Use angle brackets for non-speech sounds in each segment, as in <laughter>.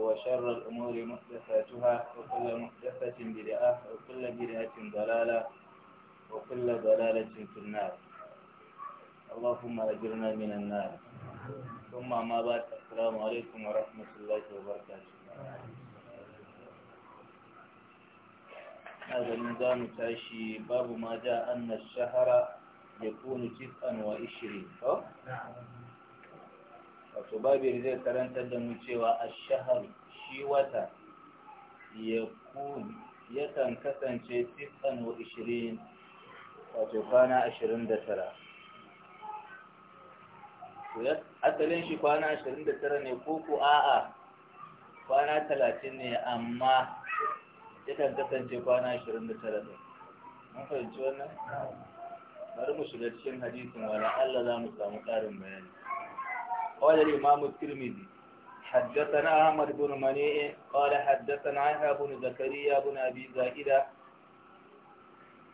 وشر الأمور محدثاتها وكل محدثة بدعة وكل بدعة ضلالة وكل ضلالة في النار اللهم أجرنا من النار ثم ما بعد السلام عليكم ورحمة الله وبركاته هذا النظام تعيشي باب ما جاء أن الشهر يكون جزءا وعشرين نعم wato babir zai karantar da mu cewa a shahar shi wata ya yakan kasance tisan wa ishirin wato kwana ashirin da tara asalin shi kwana ashirin da tara ne ko ku a'a kwana talatin ne amma yakan kasance kwana ashirin da tara ne mun fahimci wannan bari mu shiga cikin hadisin wala Allah za mu samu ƙarin bayani قال الإمام الترمذي حدثنا أحمد بن منيع قال حدثنا يحيى بن زكريا بن أبي زائدة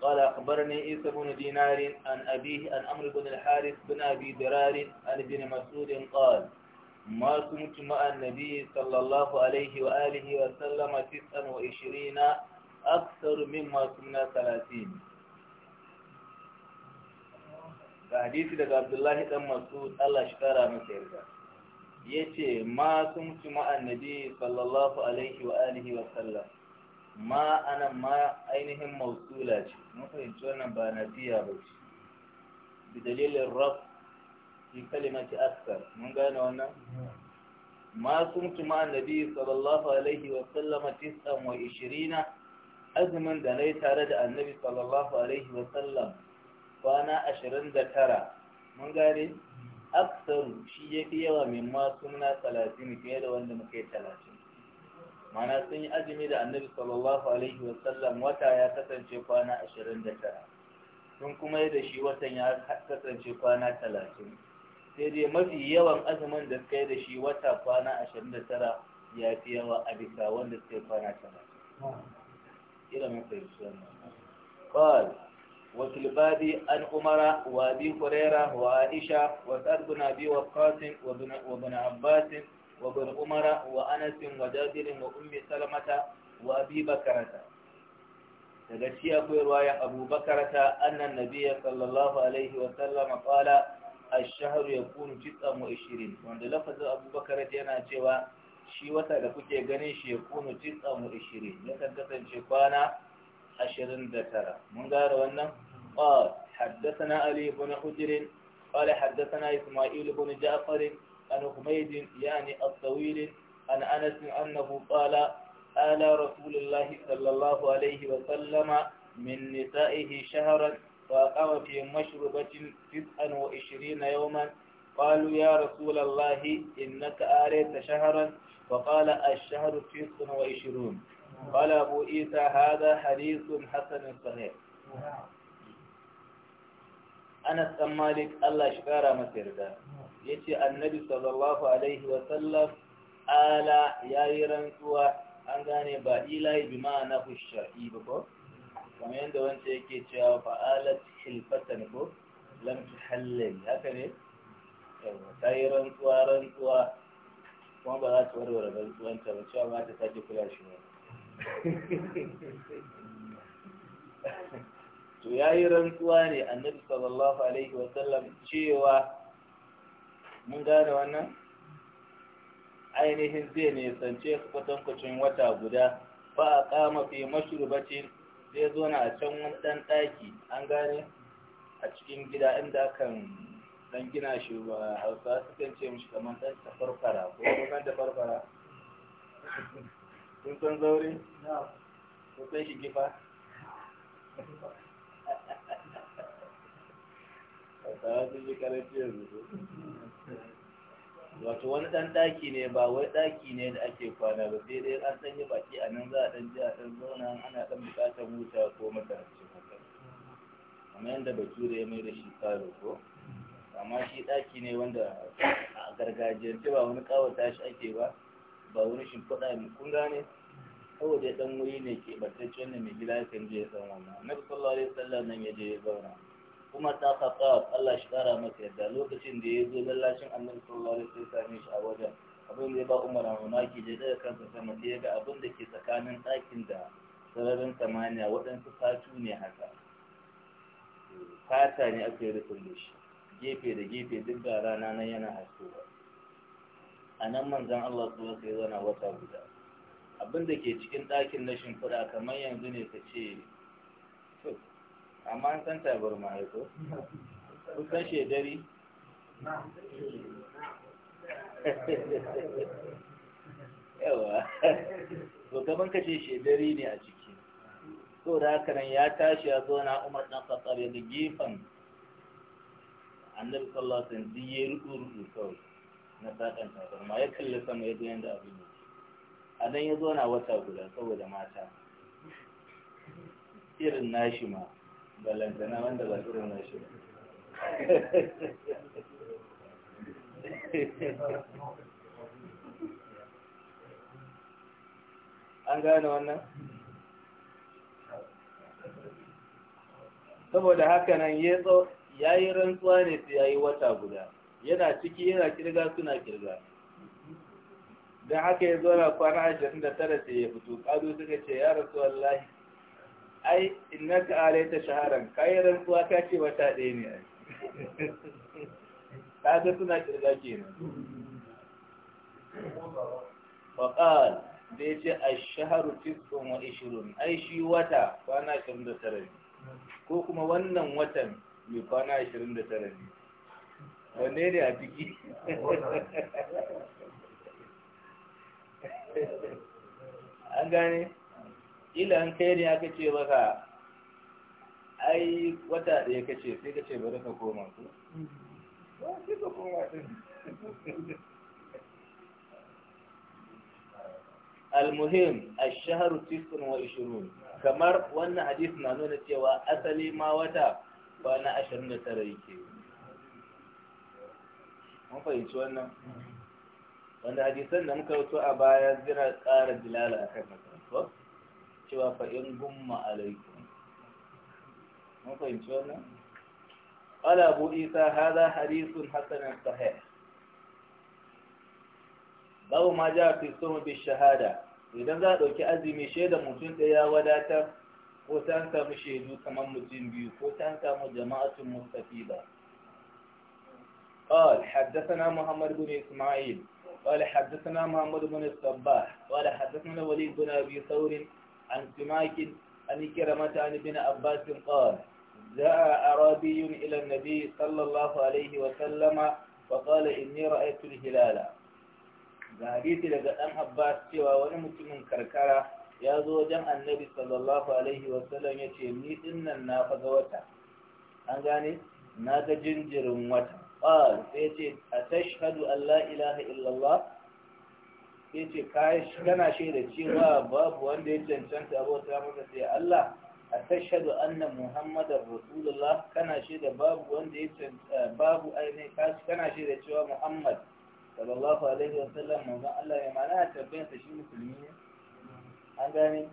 قال أخبرني عيسى بن دينار عن أبيه عن أمر بن الحارث بن أبي درار عن ابن مسعود قال ما كنت مع النبي صلى الله عليه وآله وسلم تسعا وعشرين أكثر مما كنا ثلاثين da hadisi daga abdullahi dan masud Allah shi kara masa yarda yace ma sun ci ma annabi sallallahu alaihi wa alihi wa sallam ma ana ma ainihin mausula ce mun fahimci wannan ba na fiya ba ce bi dalilin raf fi kalimati mun gane wannan ما كنت مع النبي صلى wa عليه وسلم تسعا وعشرين أزمن tare da Annabi صلى kwana ashirin da tara mun gane aksaru shi ya fi yawa min masu na talatin fiye da wanda muka yi talatin mana sun yi azumi da annabi sallallahu alaihi wasallam wata ya kasance kwana ashirin da tara sun kuma yi da shi watan ya kasance kwana talatin sai dai mafi yawan azumin da suka yi da shi wata kwana ashirin da tara ya fi yawa a bisa wanda suka yi kwana talatin. Ira mafi وفي الباب عن عمر وابي هريره وعائشه وسعد بن ابي وقاص وابن, وابن عباس وابن عمر وانس وجابر وام سلمه وابي بكره daga shi akwai ruwayan abubakarata annan nabiya sallallahu alaihi wasallama kala a shaharu ya kunu cikin mu ishirin wanda lafazin abubakarata yana cewa shi wata da kuke ganin shi ya kunu cikin mu ishirin ya kan kasance kwana ashirin da tara mun gara wannan قال حدثنا علي بن حجر قال حدثنا إسماعيل بن جعفر عن حميد يعني الطويل عن أن أنس أنه قال آل رسول الله صلى الله عليه وسلم من نسائه شهرا فأقام في مشربة تسعا وعشرين يوما قالوا يا رسول الله إنك آريت شهرا فقال الشهر تسع وعشرون قال أبو إيسى هذا حديث حسن صحيح anas ɗan malik Allah shi ƙara masa yarda ce, annabi sallallahu alaihi wa sallam ala ya yi rantsuwa an gane ba ilahi bi ma'ana ku sha'i ba ko kuma yadda wanda yake cewa fa alat hilfatan ko lam tuhallal haka ne ta yi rantsuwa rantsuwa kuma ba za ta warware rantsuwanta ba cewa ba ta sake kula shi ne <laughs> to ya yi rantsuwa ne annabi sallallahu alaihi wa sallam cewa mun gane wannan ainihin zai ne sance kwatankwacin wata guda ba a kama fi mashrubacin zai zo na a can wani dan daki an gane a cikin gida inda kan dan gina shi ba hausa sukan ce mishi kamar ta tafarfara ko ta tafarfara kun san zaure? kun san shi gifa? wato wani ɗan ɗaki ne ba wai ɗaki ne da ake kwana ba sai dai an sanya baki a nan za a ɗan ji a ɗan zauna ana ɗan buƙatar wuta ko makarancin haka kamar yadda bature ya mai da shi falo ko amma shi ɗaki ne wanda a gargajiyance ba wani ƙawata shi ake ba ba wani shimfiɗa kun gane saboda dan wuri ne ke batacce wanda mai gida kan je san wannan annabi sallallahu alaihi wasallam nan ya je ya zauna kuma ta kafa Allah shi kara masa yadda lokacin da ya zo lallashin annabi sallallahu alaihi wasallam shi a wajen abin da ya ba Umar a mamaki da daga kansa sama sai ga abin da ke tsakanin ɗakin da sararin samaniya waɗansu fatu ne haka fata ne aka yi rufin da shi gefe da gefe duk da rana nan yana haskowa a nan manzan Allah su wasu ya zana wata guda abin da ke cikin ɗakin na shimfiɗa kamar yanzu ne ka ce amma an san tabar ma ko kusan shedari yawa to kamar ka ce shedari ne a ciki so da haka nan ya tashi ya zo na umar ɗan khattab ya gefen annabi sallallahu alaihi wasallam ya rudu rudu kawai na sakan tabar ma ya kalli sama ya ga yanda abin yake a nan ya zo na wata guda saboda mata irin nashi ma balantana wanda ba irin nashi ba <laughs> an gane wannan saboda haka nan ya yi rantsuwa ne sai ya yi wata guda yana ciki yana kirga suna kirga don haka ya zo na kwana ashirin da tara sai ya fito ƙado suka ce ya rasu wallahi ai inna ka alai ta shaharan kayan rantsuwa ta ce wata ɗaya ne ai ta <laughs> ga suna ƙirga kenan faƙal da ya ce a shaharu tiskun wa ishirin ai shi wata kwana ashirin da tara ne ko kuma wannan watan mai kwana ashirin da tara ne wanne ne a ciki <laughs> <laughs> an gane ila an kai ne aka ce maka ai wata ɗaya ka ce sai ka ce bari ka koma ku sai ka koma ɗin المهم الشهر تسع وعشرون kamar wannan hadis na nuna cewa asali ma wata kwana ashirin da tara yake mun fahimci wannan wanda hadisan da muka wato a baya zira tsara dilala akan nasarar cewa fa'in gumma alaikum mun fahimci wannan ala أبو إيسى هذا hadisun حسن sahih babu ma ja fi sumu bi shahada idan za a ɗauki azumi shaida mutum ɗaya wadatar ko ta an samu shaidu kamar mutum biyu ko ta an samu jama'atun mustafida قال حدثنا محمد بن إسماعيل قال حدثنا محمد بن الصباح قال حدثنا وليد بن أبي ثور عن سماك عن كرمة عن ابن عباس قال جاء أعرابي إلى النبي صلى الله عليه وسلم فقال إني رأيت الهلال حديث لقد أم عباس سوى ونمت من كركرة يا زوجا النبي صلى الله عليه وسلم يتيمني إن النافذ وتا أنغاني ناغ جنجر وتا ƙwal sai ce a tashhadu Allah ilaha illallah sai ce kana shaida cewa babu wanda ya cancanta abota masa sai Allah a tashhadu anna Muhammadar Rasulullah kana shaida babu wanda ya cancanta babu aine kana shaida cewa Muhammad sallallahu alaihi wa sallam manzon Allah ya mana a sa shi musulmi ne an gane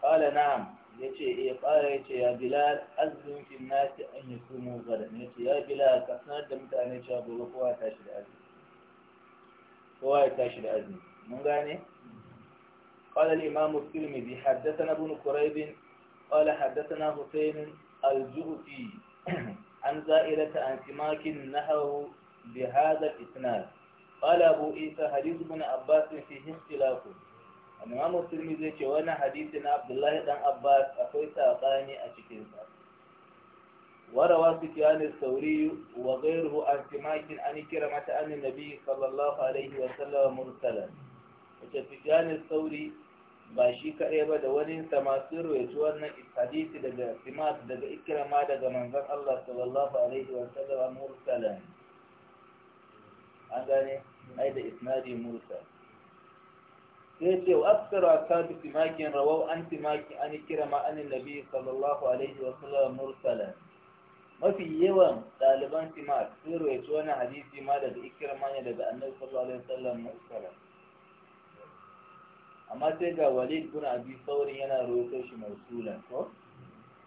qala na'am yace ya fara yace ya bilal azzin fil nas an yasumu gadan yace ya bilal ka sanar da mutane cewa gobe kowa ya tashi da azumi kowa ya tashi da azumi mun gane قال الإمام الترمذي حدثنا ابن كريب قال حدثنا حسين الجهفي عن زائرة عن سماك نحوه بهذا الإسناد قال أبو عيسى حديث ابن عباس فيه اختلاف imamu turmi zai ce wannan hadisi na abdullahi dan abbas akwai sabani a cikinsa. warawa su ce wani sauri wa gairu an timakin an kira mata an nabi sallallahu alaihi wa sallam mursalan wace su sauri ba shi kaɗai ba da wani samasu rawaitu wannan hadisi daga timak daga ikirama daga manzan allah sallallahu alaihi wa sallam mursalan an ai da isnadi mursalan ثلاثة وأكثر أكثر بسماك رواه أنت ماك أن كرم أن النبي صلى الله عليه وسلم مرسلا ما في يوم طالبان سماك سيروا يتوانا حديثي ما لدى إكرمان لدى النبي صلى الله عليه وسلم مرسلا أما تيجا وليد بن أبي ثوري ينا روتوش مرسولا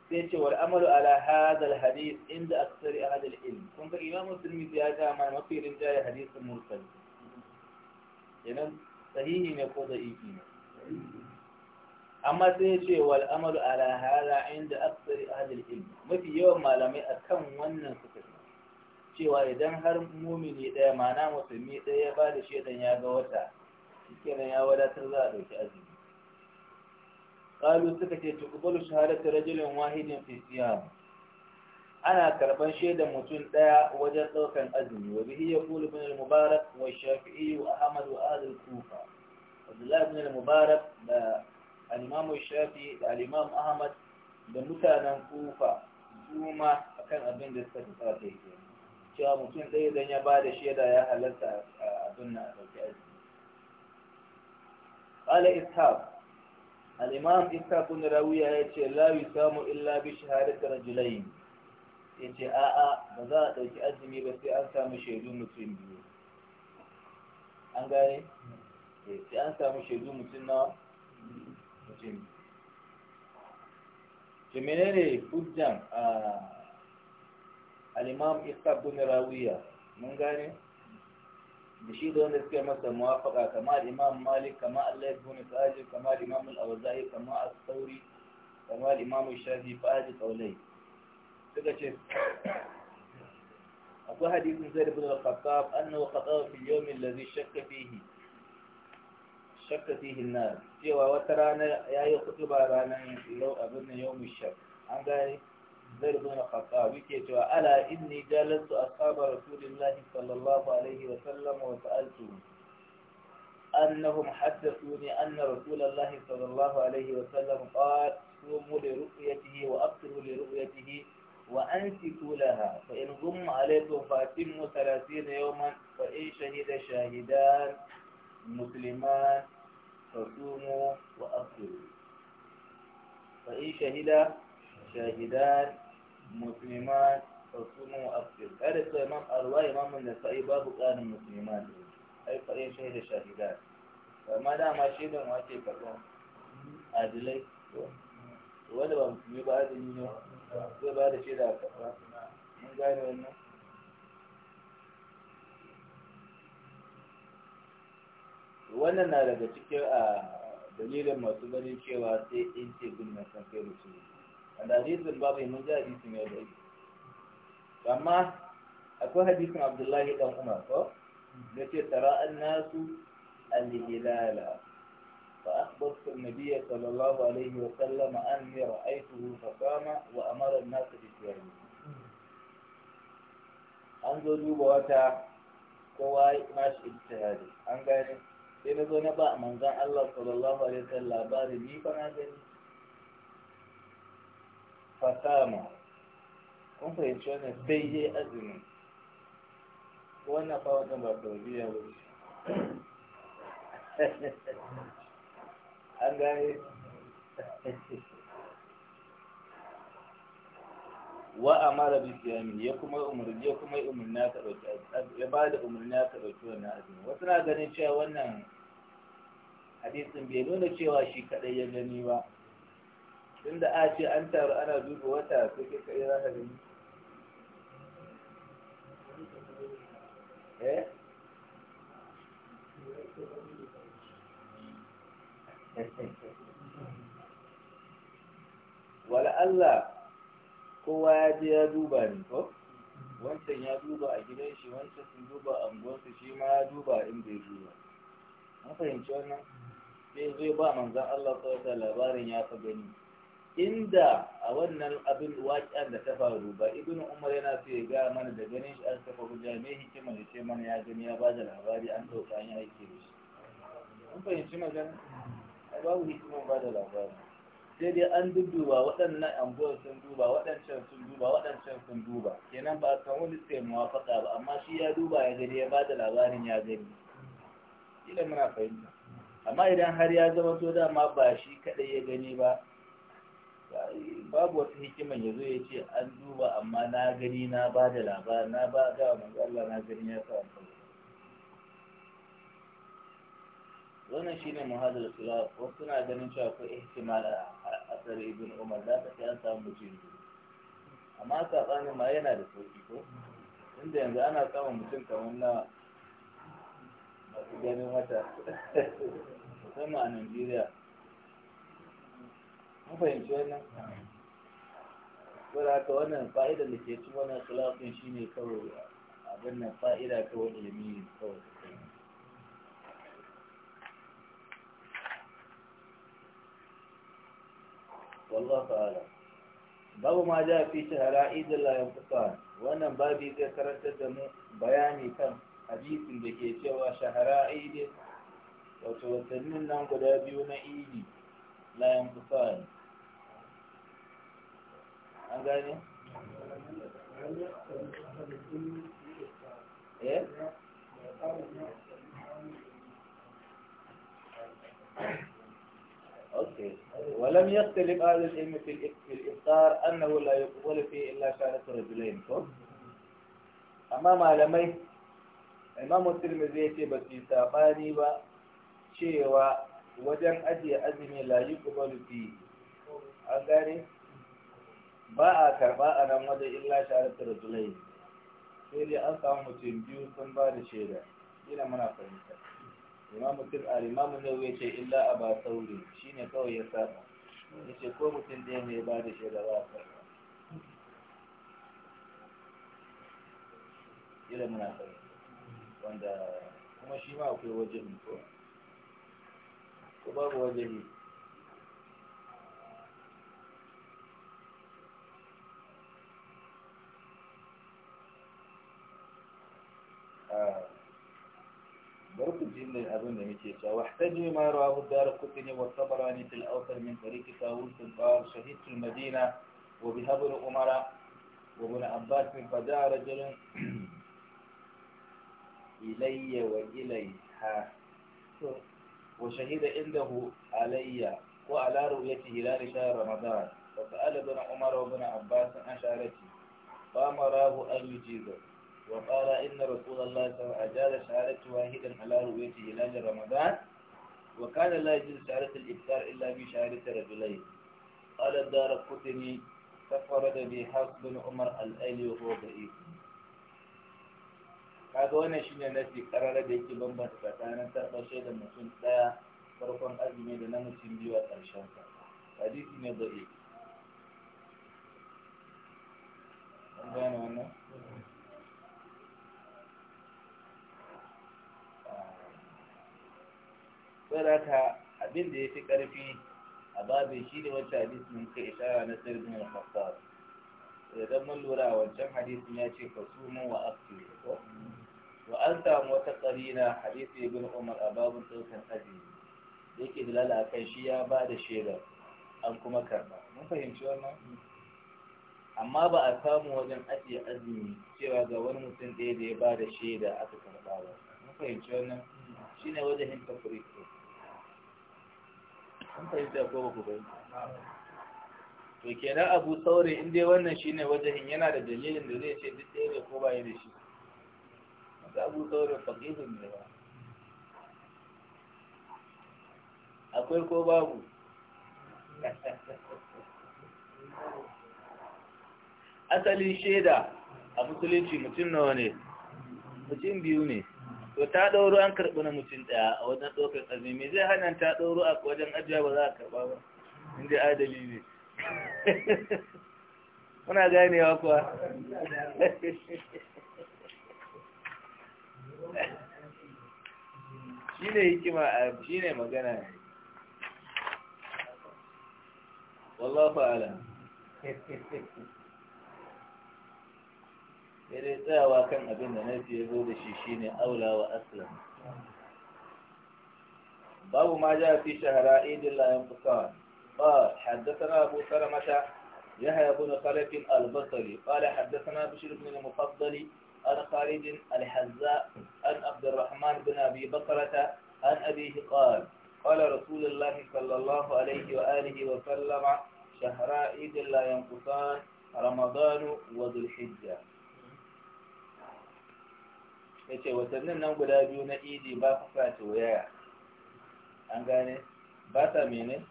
سيتش والأمل على هذا الحديث عند أكثر أهل العلم كنت إمام الترمذي هذا ما في رجال حديث مرسل ينم sahihi ne ko da'ifi ne amma sai ya ce wal amalu ala hala inda aksari ahli ilmi mafi yawan malamai a kan wannan suka ce cewa idan har mumini ɗaya mana musulmi ɗaya ya ba da shaidan ya ga wata shikenan ya wadatar za a ɗauki azumi Kalu suka ce tuqbalu shahadatu rajulin wahidin fi siyam أنا كربان شيدا متول ديا وجد طوكا أزمي وبه يقول ابن المبارك والشافئي وأحمد وآل الكوفة عبد الله ابن المبارك الإمام الشافي الإمام أحمد بمتانا كوفة كوما أكان أبن دي ستفاتي شاء متول ديا دنيا بعد شيدا يا هلسة أبن أزمي قال إسحاب الإمام إسحاب بن راوية لا يسام إلا بشهادة رجلين ya ce a'a ba za a ɗauki azumi ba sai an samu shaidu mutum biyu an gane eh, sai an samu shaidu mutum na mutum biyu to menene hujjan a alimam imam ishaq rawiya mun gane da shi da wanda suka masa muwafaqa kama imam malik kama allah ibn sa'id kama imam al-awza'i kama as-sauri kama imam shafi fa'ad qawlai أبو حديث زيد بن الخطاب أنه قطع في اليوم الذي شك فيه شك فيه الناس في وترانا يا يخطب رانا لو أبن يوم الشك عند زيد بن الخطاب يكيت ألا إني جالست أصحاب رسول الله صلى الله عليه وسلم وسألته أنهم حدثوني أن رسول الله صلى الله عليه وسلم قال صوموا لرؤيته وأبطلوا لرؤيته وأنسكوا لها فإن غم عليكم فأتموا ثلاثين يوما فإن شهد شاهدان مسلمان فصوموا وأفطروا فإن شهد شاهدان مسلمان فصوموا وأفطروا هذا هو إمام أرواي إمام النسائي باب كان المسلمان أي فإن شهد شاهدان فما دام شهد ما شهد عادلين ولا مسلمين بعد اليوم zai ba da shaida a kafa mun gane wannan wannan na daga cikin a dalilin masu ganin cewa sai in ce bin na san kai mutum a dalilin babu mun ji hadisin ya da amma akwai hadisin abdullahi dan umar ko Na ce tara an nasu al فأخبرت النبي صلى الله عليه وسلم أني رأيته فقام وأمر الناس بسياره أنظر جوبة واتا كواي ماش ابتهادي أنقاني إن ذو نبا من ذا الله صلى الله عليه وسلم باري لي فنازل فقام كم فإنشان سيجي أزمي وانا فاوتا بابا بيه <laughs> an gane wa amara bi siyami ya kuma umarni ya kuma umarni ka dauki ya ba da umarni aka ɗauki wannan azumi wasu na ganin cewa wannan hadisin bai nuna cewa shi kadai ya gani ba Tun da a ce an taru ana duba wata sai ke kai za ka gani eh wala Allah kowa ya je ya duba ne ko wancan ya duba a gidan shi wancan sun duba a gwansu shi ma ya duba inda ya duba an fahimci wannan sai zai ba manzan Allah kawai labarin ya fi gani inda a wannan abin waƙiyar da ta faru ba ibn umar yana so ya gaya mana da ganin shi an kafa hujja mai hikima da ce mana ya gani ya ba da labari an ɗauka an yi aiki da shi an fahimci magana babu hikimin ba da labari sai dai an duba waɗannan anguwar sun duba waɗancan sun duba waɗancan sun duba kenan ba kan wani sai muwafaka ba amma shi ya duba ya gani ya ba da labarin ya gani ila muna fahimta amma idan har ya zama to dama ba shi kaɗai ya gani ba babu wata hikiman ya zo ya ce an duba amma na gani na ba da labarin na ba ga manzo Allah na gani ya sa amfani wannan shine muhadar kula wasu suna ganin cewa ko ihtimal a asar ibn umar da ta kiyan samun samu mutum amma sabanin ma yana da sauki ko inda yanzu ana samun mutum kamar nawa masu ganin wata musamman a Najeriya mun fahimci wannan saboda haka wannan fa'idar da ke cikin wannan khilafin shine kawai abin nan fa'ida wani ilimi kawai wallahu ta'ala babu ma ja fi shahara idin layan fuka wannan babi zai karantar da mu bayani kan hadisin da ke cewa shahara idin wato watannin nan guda biyu na idi layan fuka an gane? ولم يختلف أهل العلم في الإفطار أنه لا يقبل فيه إلا شهادة رجلين أما malamai imamu tirmidhi ce ba su yi sabani ba cewa wajen ajiye azumi la yi kubalu fi an gane ba karba a nan wajen illa shahararta rajulai sai dai an samu mutum biyu sun ba shaida ina muna fahimta imamu tirmidhi imamu ne ya ce illa a ba sauri shine kawai ya saba ya ce ko mutum ɗaya mai ba da da ba a karɓa irin muna wanda kuma shi ma akwai wajen ko babu wajen بركو جيم أظن يتي واحتجي ما يرى أبو الدار قطني والطبراني في الأوثر من طريق طاووس قال شهدت المدينة وبهبل أمرا وابن عباس من فدعا رجل <clears throat> إلي وإليها وشهد عنده علي وعلى رؤيته لا شهر رمضان وسأل ابن عمر وابن عباس أشارتي شعرتي فأمراه أن يجيزه وقال إن رسول الله صلى الله عليه وسلم أجال شهادة واحدا على رؤية هلال رمضان وقال لا يجوز شهادة الإفطار إلا بشهادة رجلين قال الدار قتني تفرد بحق بن عمر الأيل وهو ضعيف هذا وانا شنو الناس يقرر ديكي بمبا تفتانا تأخذ شيء لما كنت لا فرقم أزمي لنا مسلم بيوة الشمس حديثي ضعيف أنا وانا saboda abin da ya fi ƙarfi a babin shi ne wancan hadisin ka ishara na sirrin al-khattab idan mun lura wancan hadisin ya ce 'Ka fasumu wa aftiru ko wa an samu wata qarina hadisi ibn umar a babun daukan da yake dalala akan shi ya ba da shaidar an kuma karba mun fahimci wannan amma ba a samu wajen ajiye azumi cewa ga wani mutum ɗaya da ya ba da shaida aka karɓa ba mun fahimci wannan shine wajen hin tafriqo an fahimta ko ba ku fahimta to kenan abu saure in dai wannan shine wajahin yana da dalilin da zai ce duk ɗaya ne ko ba da shi wanda abu saure faqihin ne ba akwai ko babu <laughs> asalin shaida a musulunci mutum nawa ne mutum biyu ne to ta ɗauro an karɓi na mutum ɗaya a wajen ɗaukar azumi zai hanyar ta ɗauro a wajen ajiya ba za a karɓa ba inda adali ne <laughs> muna ganewa kuwa <laughs> shi ne hikima a shi ne magana ne wallafa ala <laughs> sai dai tsayawa kan abin da nafi ya zo da shi shine aula wa aslam babu ma ja fi shahara idin layan fusawa قال حدثنا أبو سلمة يحيى بن خلف البصري قال حدثنا بشير بن المفضل عن خالد الحزاء عن عبد الرحمن بن أبي بكرة عن أبيه قال قال رسول الله صلى الله عليه وآله وسلم شهر عيد لا ينقصان رمضان وذو الحجة ya ce watannin nan guda biyu na idi ba ku sa wuyaya an gane ba sa mene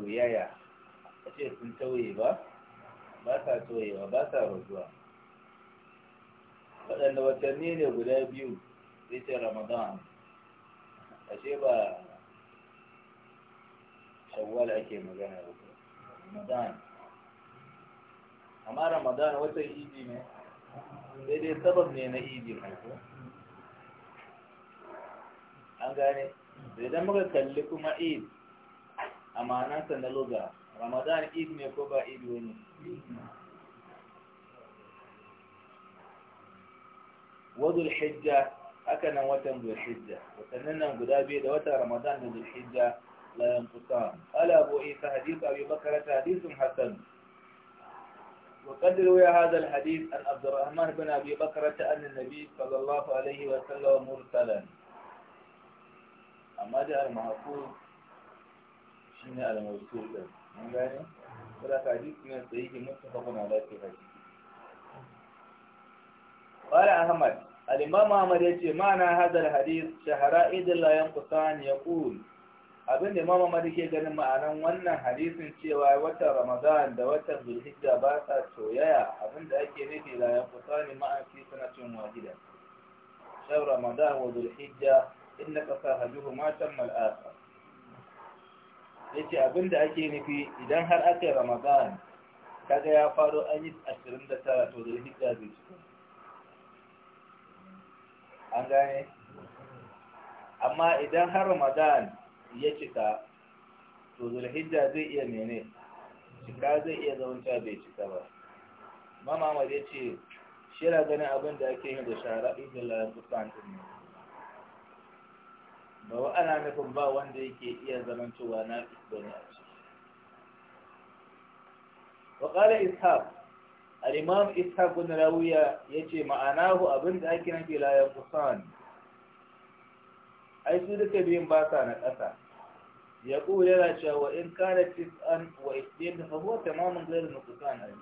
wuyaya a ce sun tauye ba ba sa tauyewa ba sa raguwa waɗanda watanni ne guda biyu zai ce ramadan a ce ba shawwal ake magana ramadan amma ramadan watan idi ne sai dai sabab ne na Idi, aiko an gane da idan muka kalli kuma id a ma'anarsa na loga ramadan id ne ko ba id wani wadul hijja aka nan watan zuwa hijja watannin nan guda biyu da watan ramadan da zuwa hijja la yankusa ala abu isa Hadisu abi bakr hadisun hassan وقد روي هذا الحديث عن عبد الرحمن بن أبي بكرة أن النبي صلى الله عليه وسلم مرسلا أما جاء المعقول شنو على موصول من غيره ولا حديث من صحيح متفق على صحته قال أحمد الإمام أحمد يجي معنى هذا الحديث شهرائد لا ينقصان يقول abin da mama mali ke ganin ma'anan wannan hadisin cewa watan ramadan da watan zulhijja ba sa soyayya abin da ake nufi la yaqtani ma'a suna sanatin wahida shan ramadan wa zulhijja innaka Matan, mal'asa Ya ce abin da ake nufi idan har aka yi ramadan kaga ya faro an yi 29 to zulhijja zai cika an gane amma idan har ramadan ya cika to zulhijja zai iya mene cika zai iya zaunta bai cika ba mamamar ya ce shi yana gani abin da ake yin da shara ibn da ɗin ne ba wa ana nufin ba wanda yake iya zaman cewa na ne a ciki wa qala ishaq al-imam ishaq bin rawiya yace ma'anahu abin da ake nufi la yanqusan ai su duka biyun ba sa na ƙasa يقول لا شاء وإن كانت تسعا وإثنين فهو تماما غير نقصان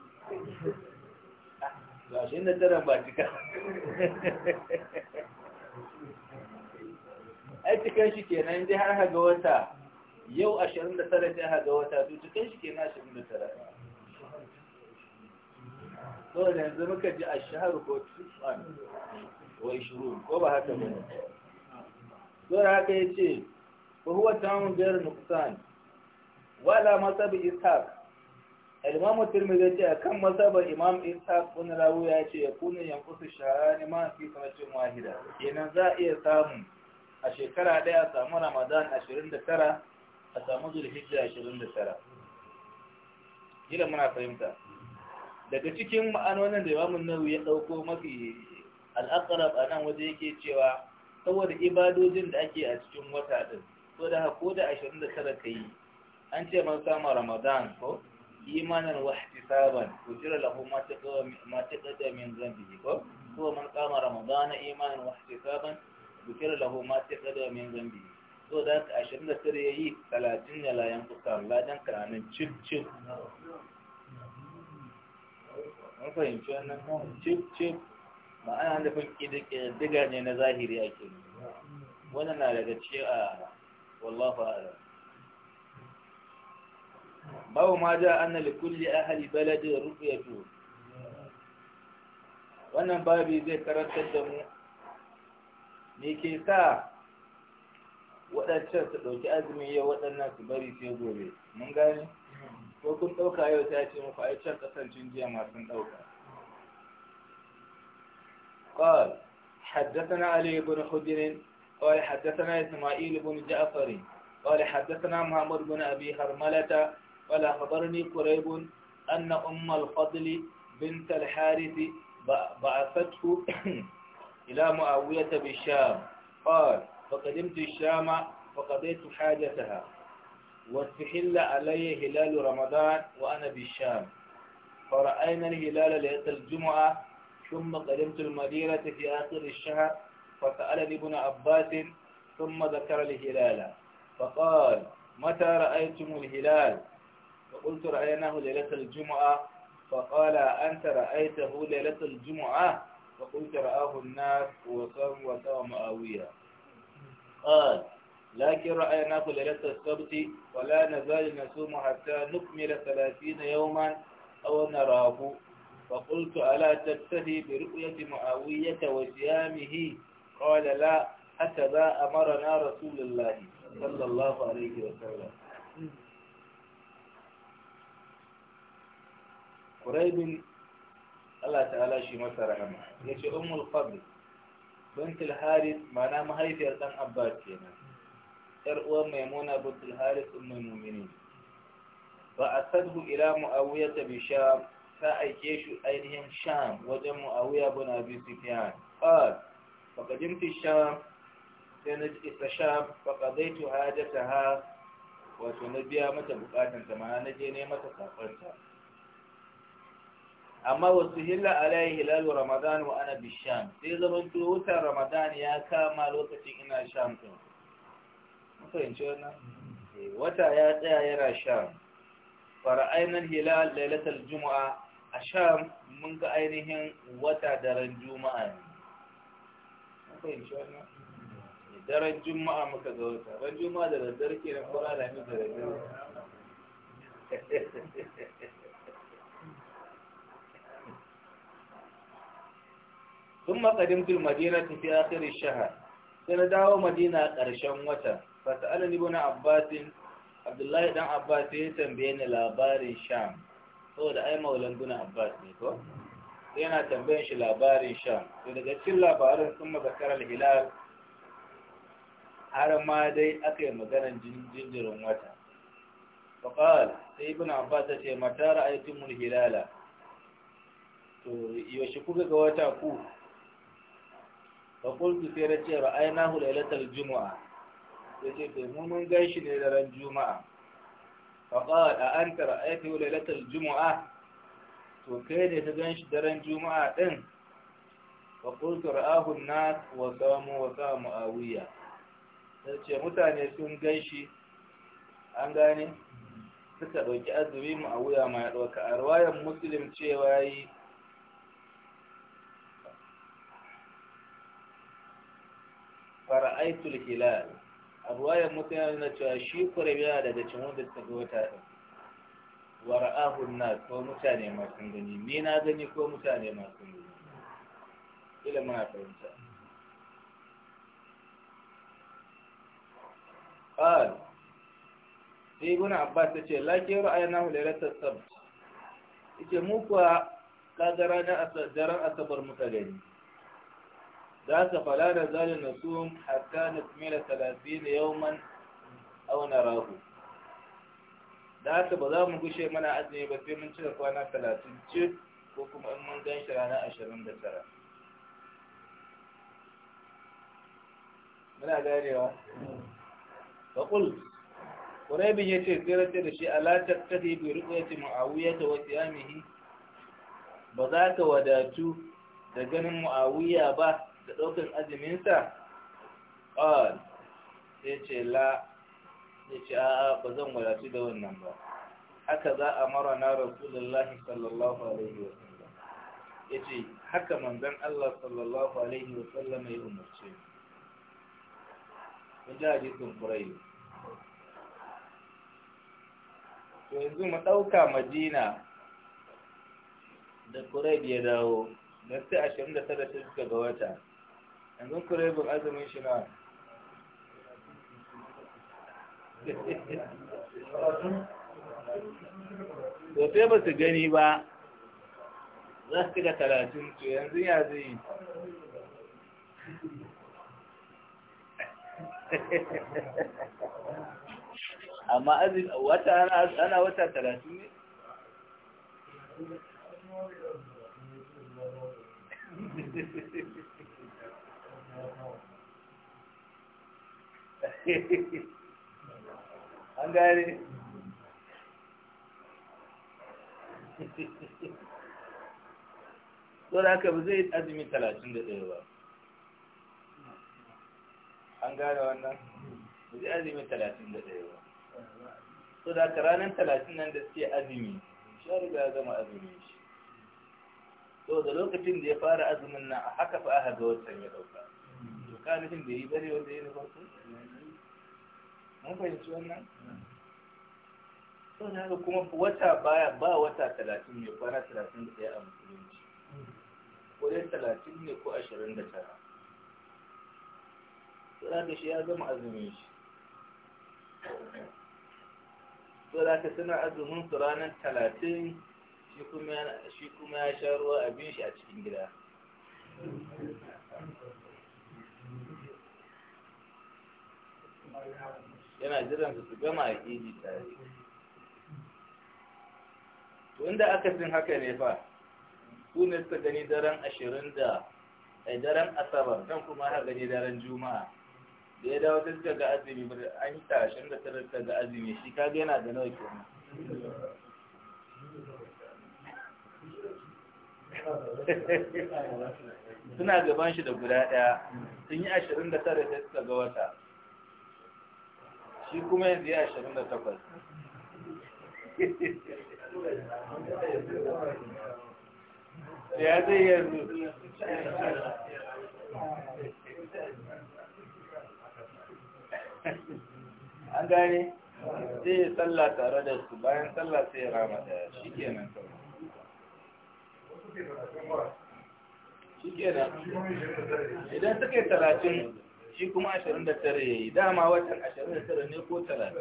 عشان ترى باتك ai cikin shi kenan in har haga wata yau 29 ta haga wata to cikin shi kenan 29 to da yanzu muka ji a shahar ko tsuwan wa ko ba haka ba to haka yace فهو تام غير نقصان ولا مذهب إسحاق الإمام الترمذي كم مذهب ya إسحاق بن راوية يكون ينقص الشهران ما في سنة واحدة kenan za a iya samu a shekara ɗaya a samu Ramadan 29 a samu Zulhijja 29 muna fahimta daga cikin ma'anonin da Imam Nawawi ya dauko mafi al-aqrab anan waje yake cewa saboda ibadojin da ake a cikin wata din so da hako da ashirin da tara ka yi an ce man sama ramadan ko imanin wahtisaban kujira lahu ma taqaddama min dhanbihi ko ko man qama ramadana imanin wahtisaban kujira lahu ma taqaddama min dhanbihi so da ka ashirin da tara yayi talatin ne la yan fuka ladan karanin cip cip an fahimci wannan cip cip ma'ana da fa kididdiga ne na zahiri ake wannan na daga cikin a والله أعلم أو ما جاء أن لكل أهل بلد رؤية wannan babi zai karantar da mu me ke sa waɗancan su ɗauki azumin yau waɗannan su bari sai gobe mun gane ko kun ɗauka yau ta ce muku ai can ƙasancin jiya masu ɗauka قال حدثنا علي بن حجر قال حدثنا إسماعيل بن جعفر قال حدثنا محمد بن أبي هرملة قال أخبرني قريب أن أم الفضل بنت الحارث بعثته <clears throat> إلى معاوية بالشام قال فقدمت الشام فقضيت حاجتها واستحل علي هلال رمضان وأنا بالشام فرأينا الهلال ليلة الجمعة ثم قدمت المديرة في آخر الشهر فسألني ابن عباس ثم ذكر الهلال فقال متى رأيتم الهلال فقلت رأيناه ليلة الجمعة فقال أنت رأيته ليلة الجمعة فقلت رآه الناس وقام وصام معاوية قال لكن رأيناه ليلة السبت ولا نزال نصوم حتى نكمل ثلاثين يوما أو نراه فقلت ألا تكتفي برؤية معاوية وصيامه qala la hakaza amarna rasulullah sallallahu alaihi wa sallam quraibin Allah ta'ala shi masa rahama yace ummul fadl bint al-harith ma'ana mahaifiyar dan abbas kenan yar uwar maimuna bint al-harith ummul mu'minin fa asadhu ila muawiya bi sham ta aike shi ainihin sham wajen muawiya bin abi فقدمت الشام سنجد الشام فقضيت حاجتها وتنبيا متى بقاتا كما نجيني متى سافرتها amma wasu hila alayi hilalu ramadan wa ana bisham sai zaman wutar ramadan ya kama lokacin ina sham din fahimci wannan eh, wata ya tsaya yana sham fara'ainan hilal lailatul juma'a a sham mun ga ainihin wata daren juma'a ne kai fahimci wannan daren juma'a muka zo ta ran juma'a da daddare ke nan kwana da mu da daddare ثم قدمت المدينة في آخر الشهر سنداو مدينة قرشان وتا فسألني ابن عباس عبد الله بن عباس يتنبيني لابار الشام هو ده أي مولان ابن عباس نيكو yana tambayan shi labarin sha to daga cikin labarin sun mazakar al-hilal har ma dai aka yi maganar jinjirin wata faƙal sai ibn abbas ta ce mata ra'ayatun mun hilala to yaushe kuka ga wata ku faƙultu sai na ce ra'ayna hulailatar juma'a ya ce to mun mun gan shi ne daren juma'a faƙal a an ta ra'ayatun hulailatar juma'a to kai ne ta gan shi daren juma'a ɗin wa qultu ra'ahu nas wa samu wa samu awiya ce mutane sun gan shi an gane suka ɗauki azumi mu a ma ya ɗauka a ruwayan muslim cewa yi fara'aitul hilal a ruwayan muslim na cewa shi kurewa daga cin wanda suka ga wata ɗin wa ahun na ko mutane masu gani ni na gani ko mutane masu gani ila muna fahimta qal sai ibn abbas yace lakin ra'aynahu lailatul sabt yace mu kuwa ga ranar Asabar asabar muka gani za ka fala da zalin nasum hatta nasmila 30 yawman aw narahu da haka ba za mu gushe mana azumi ba sai mun cire kwana talatin ce ko kuma in mun gan shi rana ashirin da tara muna ganewa faƙul ƙuraibin ya ce tsirarta da shi alatar ta da bi rukwati ma'awuyar ta wasu yamihi ba za ka wadatu da ganin mu'awuya ba da ɗaukar azuminsa ƙawar sai ce la ya ce a ba zan wadatu da wannan ba haka za a mara na rasulullahi sallallahu alaihi wasallam ya ce haka manzan Allah sallallahu alaihi wasallam ya umarce mu ji hadisin furayi to yanzu mu ɗauka madina da kureb ya dawo da sai ashirin da tara suka ga wata yanzu kurebin azumin shi na <laughs> to sai ba su gani ba za su da talatin to yanzu ya zai <laughs> amma azin wata ana wata talatin ne Hehehehe <laughs> an gane so <laughs> da haka ba zai yi azumi talatin da ɗaya ba an gane wannan ba zai azumi talatin da ɗaya ba so da aka ranar talatin nan da suke azumi shi ga ya gama azumi shi so da lokacin da ya fara azumin nan a haka fa aka ga watan ya ɗauka to ka nufin da yi bare wanda ya nufa mun fahimci wannan sun haka kuma wata baya ba wata talatin ne kwana talatin da ɗaya a musulunci ko dai talatin ne ko ashirin da tara tsara da shi ya zama azumin shi tsara ka suna azumin su ranar talatin shi kuma ya sha ruwa abin shi a cikin gida Thank you. yana jiran su gama a ƙiji tare da aka akasin haka ne fa su ne suka gani daren ashirin da a eh, daren asabar kan kuma haka gani daren juma'a da ya dawo ta suka ga azumi an yi tashin da tara ga azumi shi ka yana da nawa nan. <laughs> suna gaban shi da guda ɗaya sun yi ashirin da tare ta suka ga wata shi kuma yanzu ya ashirin da takwas ya zai yanzu an gani. zai yi tsalla tare da su bayan tsalla sai rama daya shi nan kawai shi nan idan suke talatin shi kuma ashirin da ya yi. dama watan ashirin da tare ne ko ashirin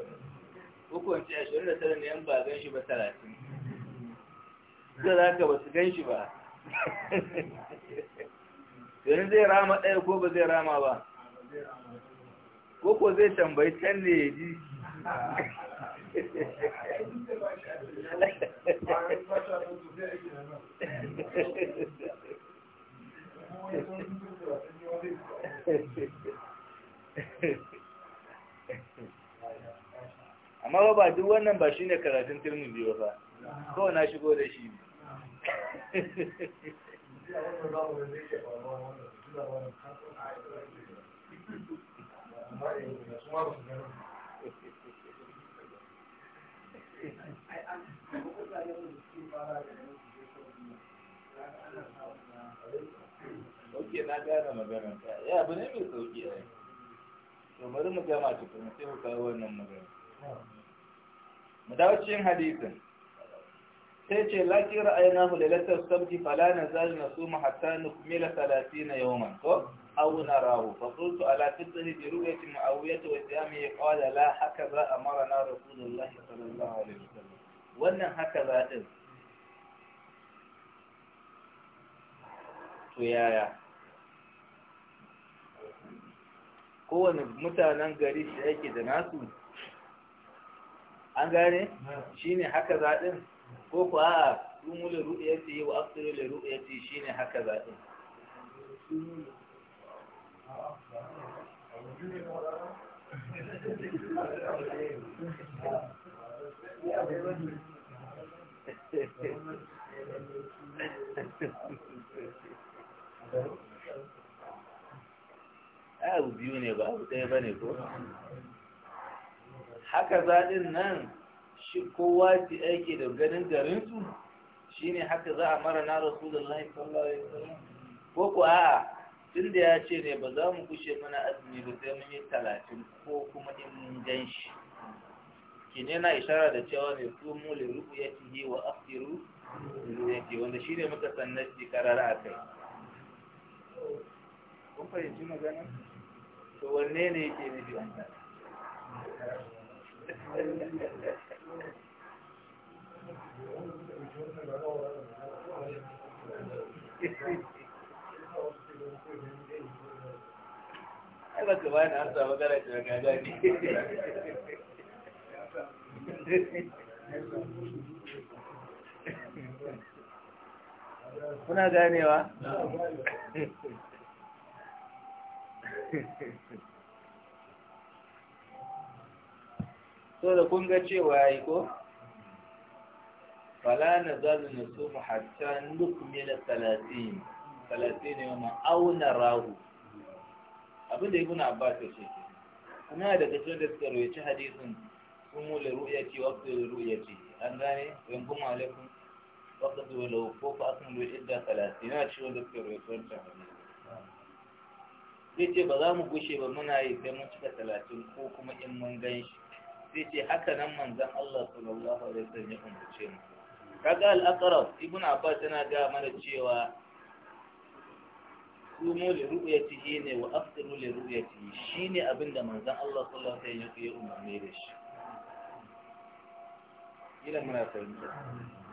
hukunci tare ne yan ba gan shi ba 30 zai za ka ba su gan shi ba <laughs> yanzu zai rama ɗaya ko ba zai rama ba Koko zai tambayi can ne ya ji Thank <laughs> you. amma ba duk wannan ba shi ne karatun biyu ba fa na shigo da shi ne <laughs> ke na gane maganar ka ya eh, abu ne mai sauki a to bari mu gama tukun sai ku kawo wannan magana mu dawo cikin hadisin sai ce laki ra'ayna hu lailatul sabti fala nazalu nasuma hatta nukmila 30 yawman ko aw narahu fa qultu ala tidhi bi ru'yati muawiyah wa siyami qala la hakaza amarna rasulullahi sallallahu alaihi wasallam wannan hakaza din to yaya kowane mutanen gari shi yake da nasu an gane shi ne haka zaɗin ko ku a ya ce yi wa ya ce shi ne haka zaɗin Thank <laughs> you. ai abu biyu ne ba abu ɗaya ba ne ko haka zaɗin nan shi kowa ce aiki da ganin garinsu shi ne haka za a mara na rasulullahi sallallahu alaihi wasallam ko ko a'a tun da ya ce ne ba za mu kushe mana azumi ba sai mun yi talatin ko kuma in mun gan shi kine na ishara da cewa ne su mu li yi wa afiru ru'yati wanda shine muka sannan shi karara akai kun fahimci magana to wanne ne yake nufi ai ba ka an samu gara kuna ganewa <laughs> so da kun ga cewa ya yi ko fala na zalu na su mu hatta nukmila talatin talatin yau ma auna rahu abin da ya guna ba ta ce kuma daga cikin da suka rawaci hadisun sun mula ru'ya ce waktu da ru'ya ce an gane yan kuma alaikun waktu da lau ko fa akan ru'ya idda talatin yana ciwon da suka rawaci wancan sai ce ba za mu gushe ba muna yi sai mun cika talatin ko kuma in mun gan shi sai ce haka nan manzan Allah sallallahu alaihi wasallam ya umarce mu kaga al-aqrab ibn abbas yana ga mana cewa sumu li ru'yatihi ne wa afdiru li ru'yatihi shine abinda manzan Allah sallallahu alaihi wasallam ya umarne da shi kila muna fahimta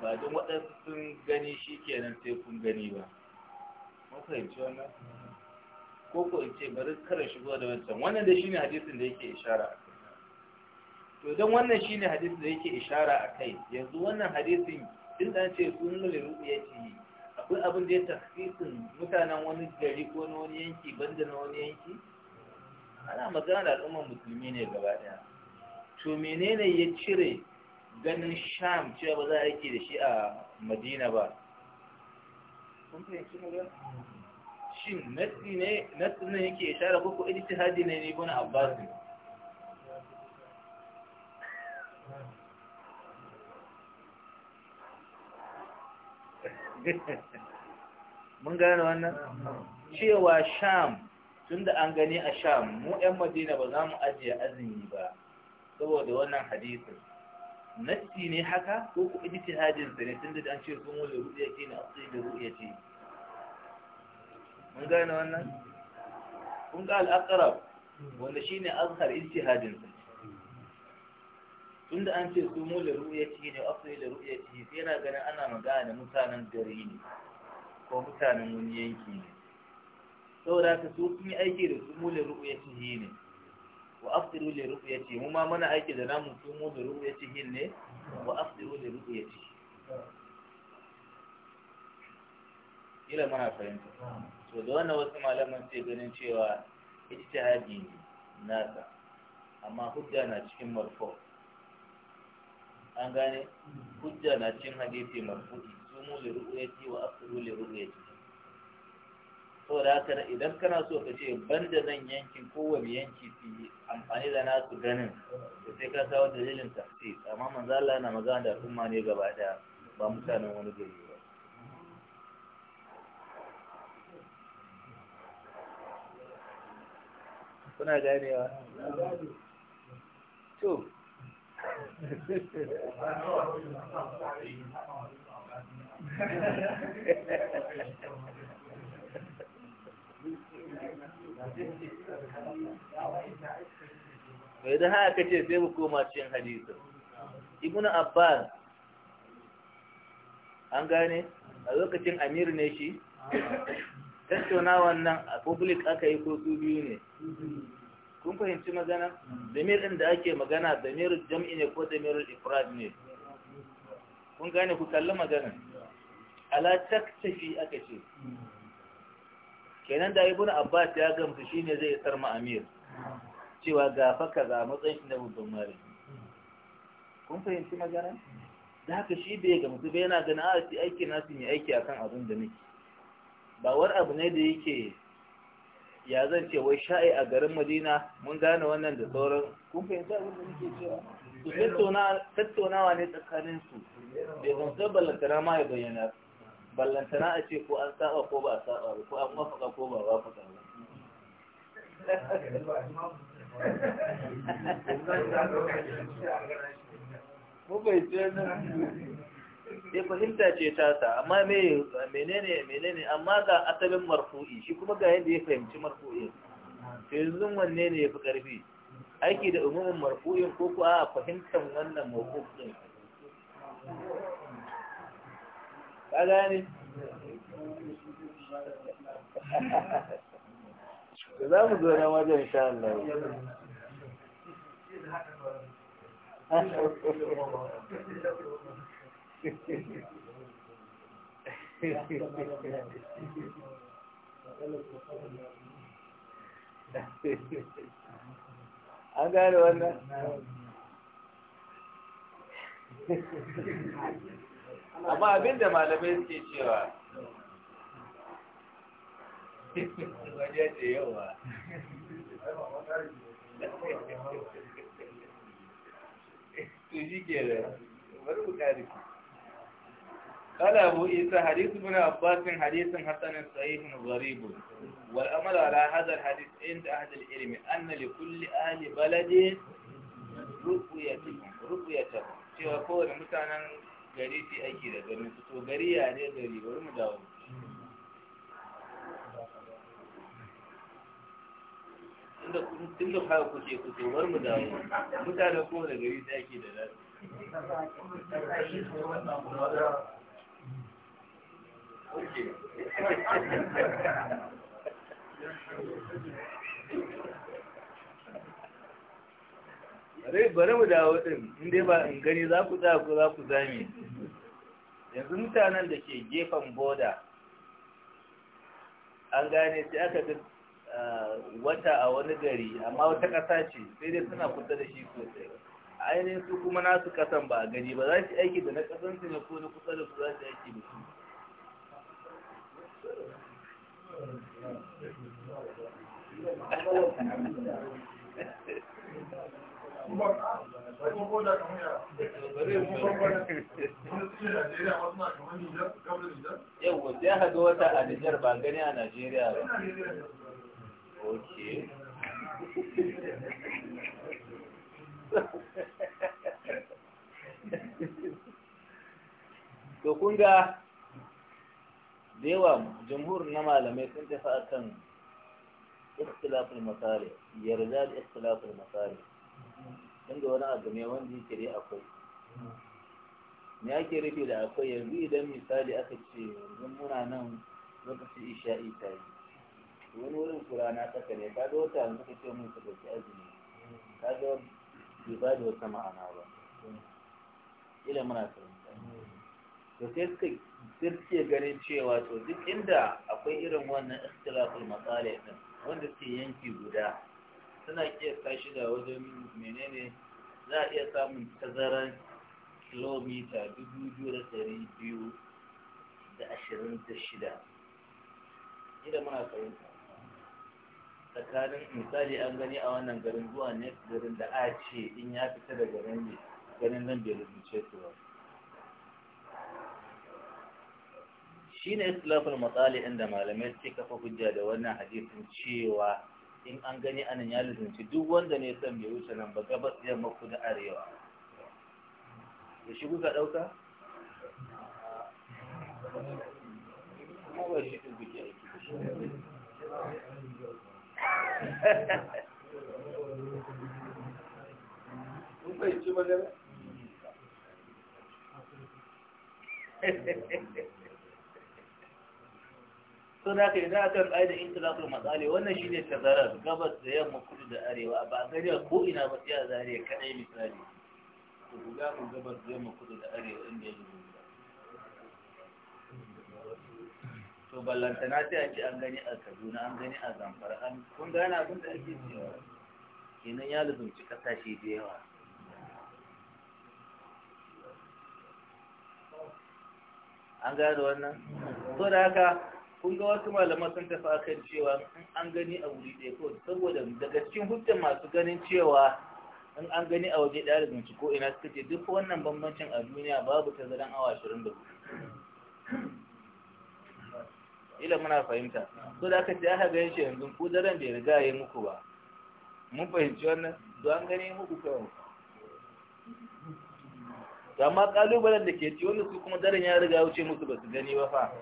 ba don waɗansu sun gani shi kenan sai kun gani ba mun fahimci wannan ko ko in ce bari karin shigo da wancan wannan da shine hadisin da yake ishara to dan wannan shine hadisin da yake ishara a kai yanzu wannan hadisin in da ce sun mulu ru'yati akwai abin da ya tafsirin mutanen wani gari ko na wani yanki banda na wani yanki ana magana da al'ummar musulmi ne gaba daya to menene ya cire ganin sham cewa ba za a yake da shi a madina ba kun fahimci magana shin nassi ne nassi ne yake ishara ko ijtihadi ne ne ibn abbas <laughs> mun gane wannan cewa sham tunda an gani a sham mu 'yan madina ba za mu ajiye azumi ba saboda wannan hadisin nassi ne haka ko ku ijtihadin sa ne tunda an ce sun wala ru'yati ne asli da ru'yati mun gane wannan kun ga al'aqrab wanda shine azhar ijtihadin sa tunda an ce su mu da ru'yati ne afdal da ru'yati sai yana ganin ana magana da mutanen gari ne ko mutanen wani yanki ne saboda ka su sun yi aiki da su mu da ru'yati ne wa afdiru li ru'yati mu ma muna aiki da namu su mu da ru'yati ne wa afdiru li ru'yati ila mana fahimta to da wannan wasu malaman ce ganin cewa ijtihadi ne nasa amma hujja na cikin marfu an gane hujja na cikin hadisi marfu'i sumu li ru'yati wa asru li ru'yati da haka idan kana so ka ce banda nan yankin kowane yanki su amfani da nasu ganin da sai ka kawo dalilin tafsir amma manzo Allah yana magana da al'umma ne gaba daya ba mutanen wani gari kuna ganewa to mai da haka ce sai mu koma cin hadisi ibnu abbas an gane a lokacin amir ne shi tattauna wannan, a public aka yi ko su biyu ne kun fahimci magana damir ɗin da ake magana damir jam'i ne ko damir ifrad ne kun gane ku kalli magana ala taktafi aka ce kenan da ibnu abbas ya gamsu shine zai isar ma amir cewa ga fa kaza matsayin shi na babban malami kun fahimci magana da haka shi bai gamsu ba yana ganin a ah, aiki na su ne aiki akan abin da nake ba wani abu ne da yake ya zan ce wai sha'i a garin madina mun gane wannan da sauran kun fahimta abin da nake cewa su tattaunawa ne tsakanin su bai gamsar ballantana ma ya bayyana ballantana a ce ko an saba ko ba a saba ko an mafaka ko ba wafaka ba Mun bai ce nan sai fahimta ce ta sa, amma me menene menene amma ga asalin marfu'i shi kuma ga yadda ya fahimci marfu'in to yanzu wanne ne fi karfi aiki da umumin marfu'in ko kuwa a fahimtar wannan mawquf din ka gane <laughs> za mu zo na wajen sha Allah <laughs> an gane wannan amma abinda malamai suke cewa wajen da yawa to shi ke da bari mu قال أبو إيسى حديث من عباس حديث حسن صحيح غريب والأمر على هذا الحديث عند أهل العلم أن لكل أهل بلد رقيتهم رقيتهم في وقور مثلا غري في أكيدة غري فتو غري يعني غري ورمداوم تندخ حاوكو شيء كتو ورمداوم مثلا وقور غري في bari mu dawo ɗin, inda ba in gani za ku tsaya ko za ku zame yanzu mutanen da ke gefen boda an gane sai aka ga wata a wani gari amma wata ƙasa ce sai dai suna kusa da shi sosai ainihin su kuma nasu kasan ba a gani ba za su aiki da na kasan su ne ko na kusa da su za su aiki da su yawon sai haka wata a nijar ba gani a najeriya ba ok <laughs> da yawa jamhur na malamai sun tafi a kan ikhtilafin masari yarda da ikhtilafin masari inda wani abu ne wanda yake dai akwai me ake rufe da akwai yanzu idan misali aka ce yanzu muna nan lokacin isha'i ta yi wani wurin kura na tsaka ne ka ga wata yanzu ka ce mun ka ɗauki azumi ka ga bai ba da wata ma'ana ba ila muna karanta to sai suka sai suke ganin cewa to duk inda akwai irin wannan ikhtilaful masalih din wanda suke yanki guda suna kiyasta shi da wajen menene za a iya samun tazaran kilomita dubu biyu da ɗari biyu da ashirin da shida idan muna fahimta tsakanin misali an gani a wannan garin zuwa ne garin da a ce in ya fita da garin ne garin nan bai rubuce su ba Shi ne islafin matsali inda malamai suke kafa hujja da wannan hadisin cewa in an gani anan ya lizanci duk wanda ne san bai wuce nan ba gabas yamma da arewa ya shi kuka ɗauka? kuma <laughs> sun haka idan aka kai da intilakul matsali wannan shi ne tazarar gabas da yamma kudu da arewa ba a gari ko ina ba sai a zariya kaɗai misali to guda mu gabas da yamma kudu da arewa inda ya rubuta to ballantana sai a ce an gani a kaduna an gani a zamfara an kun gane abin da ake cewa kenan ya lubunci kasashe da yawa an gane wannan so da haka kun ga wasu malaman sun tafi akan cewa in an gani a wuri ɗaya ko saboda daga cikin hujjar masu ganin cewa in an gani a waje ɗaya da ko ina suka ce duk wannan bambancin a duniya babu tazaran awa ashirin da ila muna fahimta so da aka ce aka gani shi yanzu ko daren bai riga ya muku ba mun fahimci wannan to an gani muku kawai amma kalubalen da ke ci wanda su kuma daren ya riga wuce musu ba su gani ba fa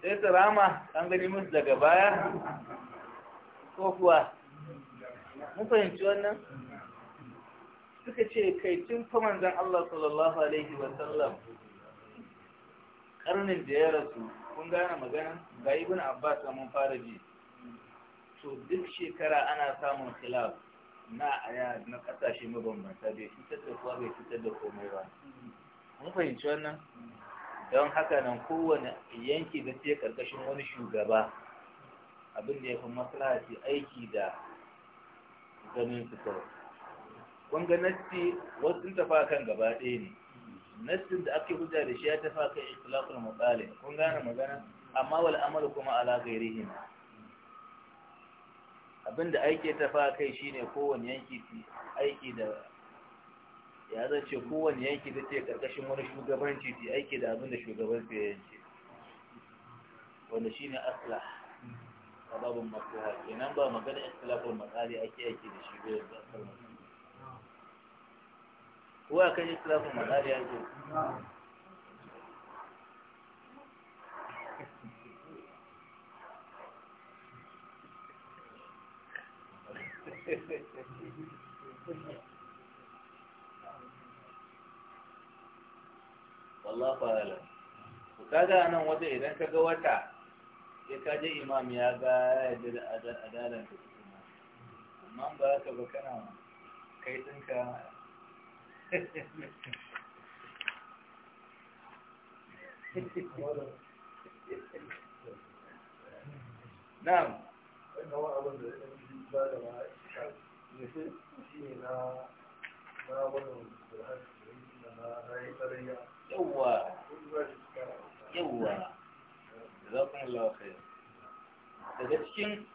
sai ta rama an gani musu daga baya ko kuwa mun fahimci wannan suka ce kai tun fa manzon Allah sallallahu alaihi wa sallam karnin da ya rasu kun gane magana ga ibn Abbas mun fara ji to duk shekara ana samun khilaf na aya na kasashe mabambanta bai fitar da kowa bai fitar da komai ba mun fahimci wannan don haka nan kowane yanki da ce karkashin wani shugaba abin da ya fi maslaha ce aiki da ganin su kawai kun ga nasti wasu tafa kan gaba ɗaya ne nassin da ake hujja da shi ya tafa kan itlaqul muqali kun gane magana amma wal amalu kuma ala abin abinda aike tafa kai shine kowane yanki aiki da ya zan ce kowane yanki da ce karkashin wani shugabanci ce aiki da abin da shugabanci ya yanki wanda shi ne asila a babin maslaha nan ba magana istilafin matsali ake aiki da shi bai da asal matsali kowa kan istilafin matsali ya zo Thank <laughs> you. Allah fa'ala to kaga nan wata idan ka ga wata sai ka imam ya ga yadda da adalan ta kuma amma ba ka ba kana kai dinka Na'am. Wannan abin da ya ba da ma'aikata shi ne na na wannan da na na yi tsarayya yawwa yawwa zafin lafiyar daga cikin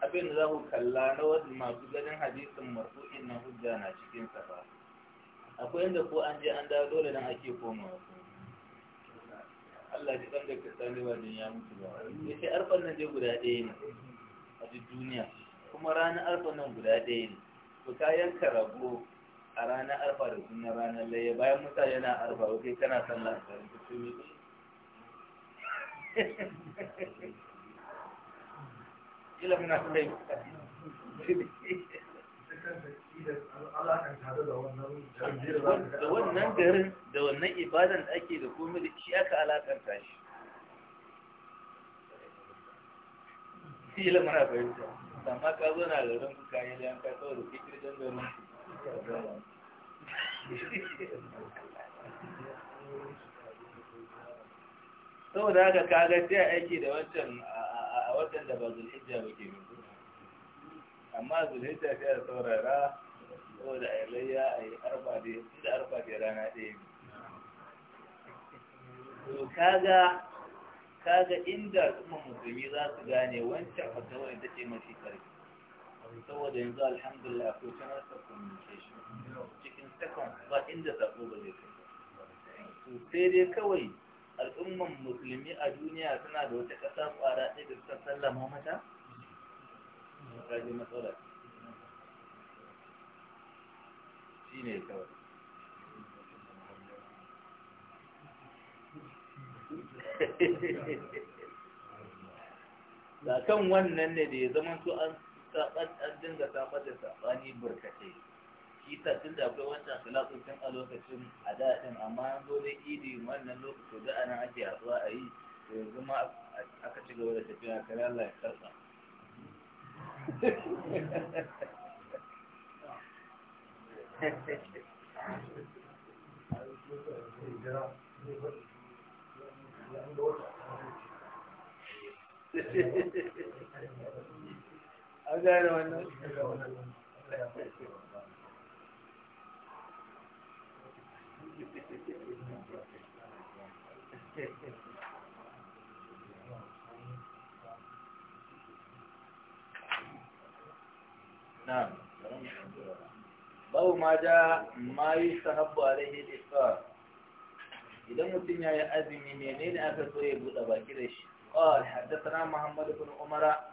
abin da za ku kalla na wasu masu ganin hadisin marfu'in na hujja na cikin ba akwai inda ko an je an dawo dole don ake komawa Allah ji ɗan da ka sani ba ya mutu ba ya ce arfan nan dai guda ɗaya ne a duk duniya kuma ranar arfan nan guda ɗaya ne to kayan karabo a ranar arfa da sunan ranar laye bayan mutane na arfa kai kana sallah a garin kusuri kila muna kai da wannan garin da wannan ibadan da ake da komai da shi aka alakanta shi kila muna fahimta amma ka zo na garin kuka yi yanka saboda fikir don garin su Sau da haka kaga sai aiki da wancan a watan da ba zulhijja ba ke mutu amma zulhijja sai a saurara sau a layya a yi arfa da inda rana ɗaya ne to kaga kaga inda kuma musulmi za su gane wancan fatawar da ce mafi karfi saboda yanzu alhamdulillah ko channel for communication cikin second ba inda sako ba zai kai sai dai kawai al'umman musulmi a duniya suna da wata ƙasa ƙwara ɗaya da suka sallama mata kaji matsala shi kawai <laughs> da kan wannan ne da ya zama su an an dinga samar da saɓani burkatai shi ta tun da akwai wancan filafin a lokacin a daɗin amma an zo da idi wannan lokacin da ana ake hatsuwa a yi yanzu ma aka ci gaba da tafiya kare Allah ya karsa Thank <laughs> you. an gane wannan نعم باب ما جاء ما يستحب idan mutum ya yi azumi menene aka so ya buɗe baki da shi qal haddathana muhammad ibn umara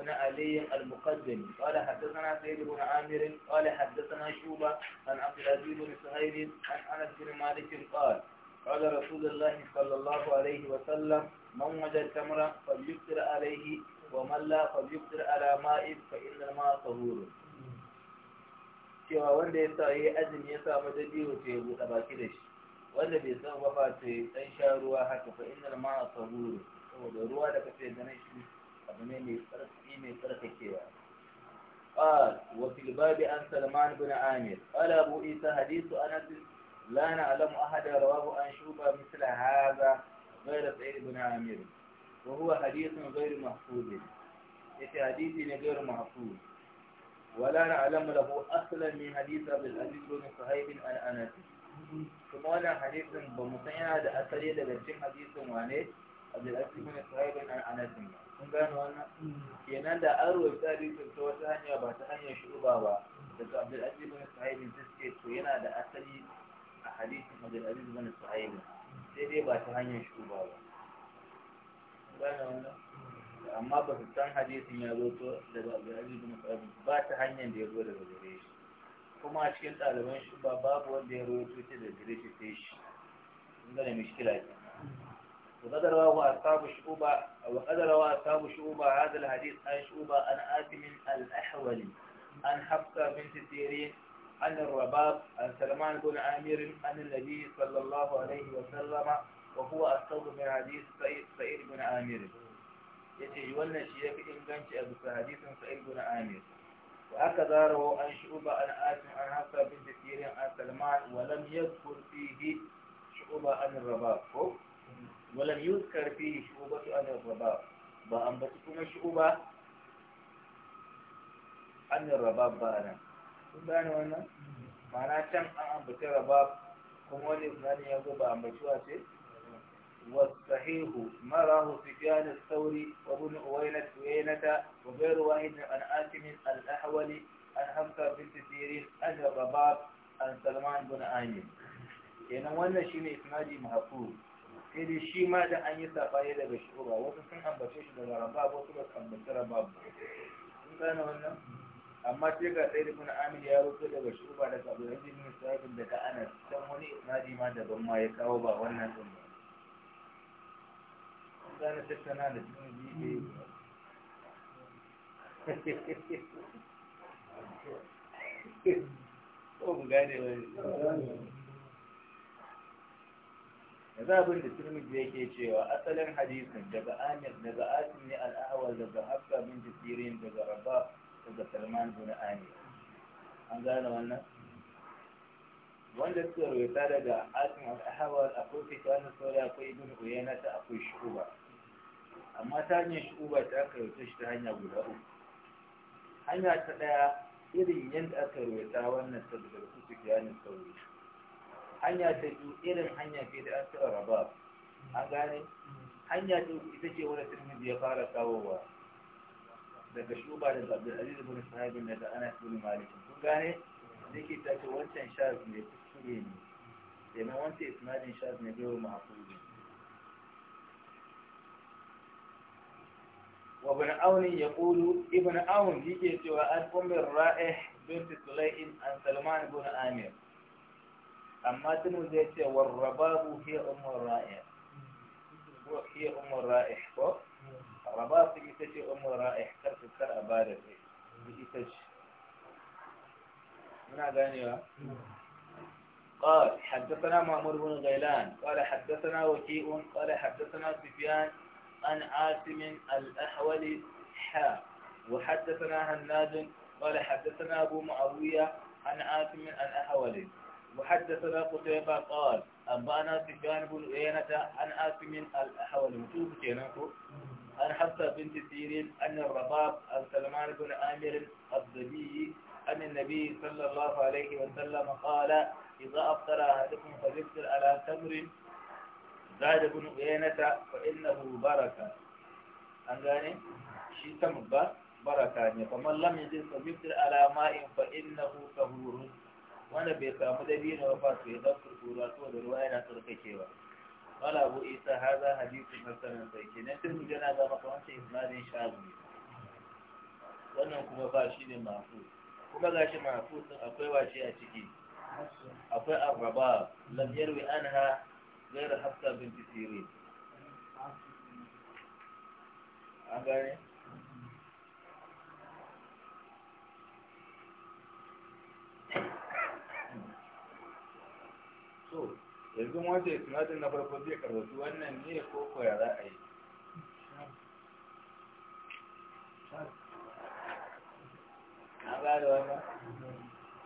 بن علي المقدم قال حدثنا سيد بن عامر قال حدثنا شوبة عن عبد العزيز بن سهيل عن أنس بن مالك قال قال رسول الله صلى الله عليه وسلم من وجد تمرا فليفطر عليه ومن لا فليفطر على ماء فإن الماء طهور cewa wanda ya sa yi azumi ya samu dabi'u to ya buɗe baki da shi wanda bai san ba fa to ya ɗan sha ruwa haka fa innal ma'a saburu saboda ruwa da kace da nan shi قال وفي الباب عن سلمان بن عامر قال أبو عيسى حديث أنس لا نعلم أحد رواه عن شوبة مثل هذا غير سعيد بن عامر وهو حديث غير محفوظ في حديث غير محفوظ ولا نعلم له أصلا من حديث أبي العزيز بن صهيب عن أنس ثم أنا حديث بمسيا هذا أثري لبشين حديث وانه أبي العزيز بن صهيب عن أنس kun gane wannan kenan da an rawaita hadisin ta wata hanya ba ta hanyar shuba ba daga abdulaziz bin sahibi ta ce to yana da asali a hadisin abdulaziz bin sahibi sai dai ba ta hanyar shuba ba gane wannan amma ba su san hadisin ya zo to daga abdulaziz bin sahibi ba ta hanyar da ya zo daga gare shi kuma a cikin ɗaliban ba babu wanda ya rawaito ta da gare shi sai shi kun gane mishkila kenan وقد رواه أصحاب الشعوبة وقد رواه أصحاب الشعوبة هذا الحديث عن شعوبة عن آدم الأحول عن حفصة بنت سيرين عن الرباط عن سلمان بن عامر عن النبي صلى الله عليه وسلم وهو أصحاب من حديث سعيد بن عامر يتجولنا شيخ إن كانت أبو حديث سعيد بن عامر وهكذا رواه عن شعوبة عن آدم عن حفصة بنت سيرين عن سلمان ولم يذكر فيه شعوبة عن الرباط ولم يذكر فيه شعوبة أهل الرباب بأنبتكم شعوبة أن الرباب بأنا بأنا وأنا معناها كم أنبت الرباب كم ولي إذنان يقول بأنبتوا أتي والصحيح ما راه سفيان الثوري وابن أوينة أويلة وغير واحد عن آتم الأحول أن همسى بنت سيرين أن الرباب أن سلمان بن عامر يعني وانا شيء إسنادي محفوظ sai dai shi ma da an yi sabani daga shuba wasu sun ambace shi daga wasu ba su ambace rabab sun gane wannan amma sai ga sai da kuna amil ya rufe daga shuba daga abu da jini sabin ta anas can wani isnadi ma daban ma ya kawo ba wannan din ba sun gane tattana da <laughs> ko mu gane wani yanzu abin da turmiji yake cewa asalin hadisin daga amir daga asim ne al'awar daga hafsa bin jisirin daga rabba daga salman bin amir an gane wannan wanda suka rubuta daga asim al'awar akwai fitanin sauri akwai ibn uyana ta akwai shuba amma ta hanyar shuba ta aka rubuta shi ta hanya guda uku hanya ta ɗaya irin yadda aka rubuta wannan sabbin da su su kiyanin sauri hanya ta biyu irin hanya ce da an tsara ba an gane hanya ta ita ce wani turmiji ya fara kawowa daga shuba da abdulaziz bin daga anas bin malik kun gane nake ta ce wancan shaz ne kuskure ne kenan wancan isnadin shaz ne bai wa mahfuzin وابن عون يقول ابن عون يجي سوى أم الرائح بنت سليم عن سلمان بن عامر amma tunu zai ce warrababu hiya umar ra'i hiya umar ra'i ko rababu ita ce umar ra'i kar ka kar a ba da ita ce muna ganewa قال حدثنا مأمور بن غيلان قال حدثنا وكيء قال حدثنا سفيان عن عاصم الأحول حا وحدثنا هناد قال حدثنا أبو معاوية عن عاصم الأحول وحدثنا قتيبة قال أنبأنا سفيان بن عيينة عن آثم الأحول متوب كينانكو عن حفصة بنت سيرين أن الرباب عن سلمان بن عامر الضبي أن النبي صلى الله عليه وسلم قال إذا أفطر أحدكم فليفطر على تمر زاد بن عيينة فإنه بركة أنغاني شي تمر بركة فمن لم يجد فليفطر على ماء فإنه طهور wanda bai samu dabino ba su yi zafi kura su da ruwa yana Isa haza قال أبو إيسى ke. حديث حسن صحيح نترك جنازة مقامة إسناد shabu wannan kuma ba shi ne mafu kuma ga shi mafu sun akwai wace a ciki akwai arraba lam yarwi anha ghayr hafsa bin tisiri an gane to yanzu na farko zai karatu wannan ne ko za a yi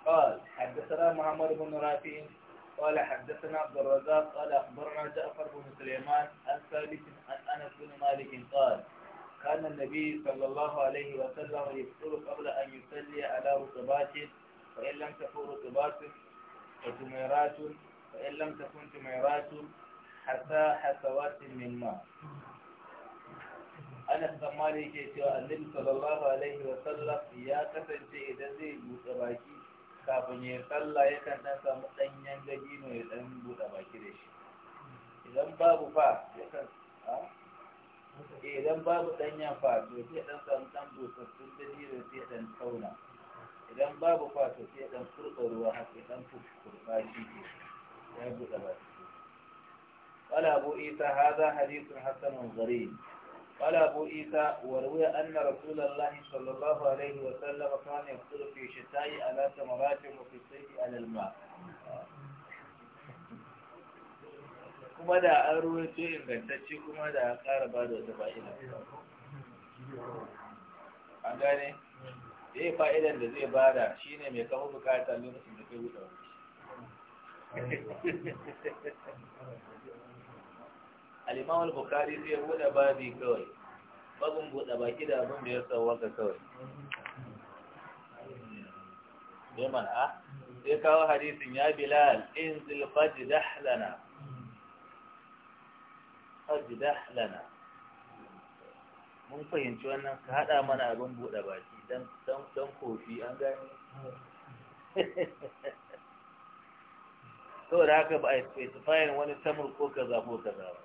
قال حدثنا محمد بن رافين قال حدثنا عبد الرزاق قال أخبرنا جعفر بن سليمان عن ثابت عن أنس بن مالك قال كان النبي صلى الله عليه وسلم يفطر قبل أن يصلي على رطبات فإن لم تكن رطبات وتميرات فإن لم تكن جميرات حسا حسوات من ماء Anas dan Malik yake cewa Annabi sallallahu alaihi wa sallam ya kasance idan zai buɗe baki kafin ya sallah yakan dan samu danyen gabino ya dan buɗe baki da shi. Idan babu fa fa to sai dan samu dan busassun dabino sai dan tauna. Idan babu fa to sai dan ruwa haka dan furɓa shi ke. قال أبو عيسى هذا حديث حسن غريب قال أبو عيسى وروي أن رسول الله صلى الله عليه وسلم كان يفطر في الشتاء على ثمرات وفي الصيف على الماء kuma da an ruwaito ingantacce kuma da an ƙara ba da wata fa'ida an gane zai fa'idan da zai bada shine mai kawo bukata lokacin da kai wuta wuce al bukari al-bukhari sai buɗe babi kawai babin buɗe baki da abin da ya sauwaka kawai ya mana sai kawo hadisin ya bilal in zilfaji dahlana faji dahlana mun fahimci wannan ka haɗa mana abin buɗe baki don kofi an gani <laughs> saboda haka ba a specifying wani samur ko kaza ko kaza ba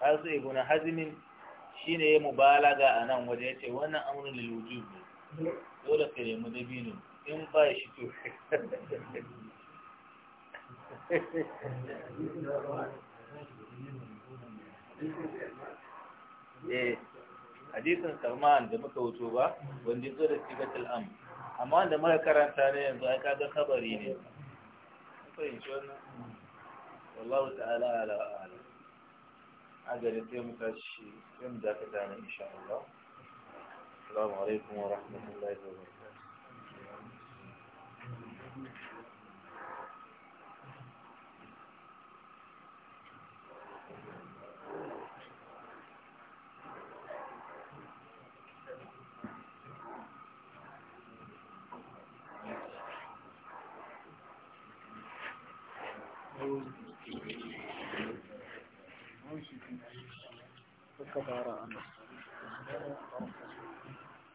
har su ibn hazmin shine ya mubalaga a nan waje ya ce wannan amurin lilwujub ne dole ka nemi dabino in ba shi to <laughs> eh hadisin Salman da muka wuto ba wanda ya zo da sigatul am amma wanda muka karanta ne yanzu ai kaga kabari ne طيب والله تعالى على أعلى هذا اليوم فاش يمدى إن شاء الله السلام عليكم ورحمة الله وبركاته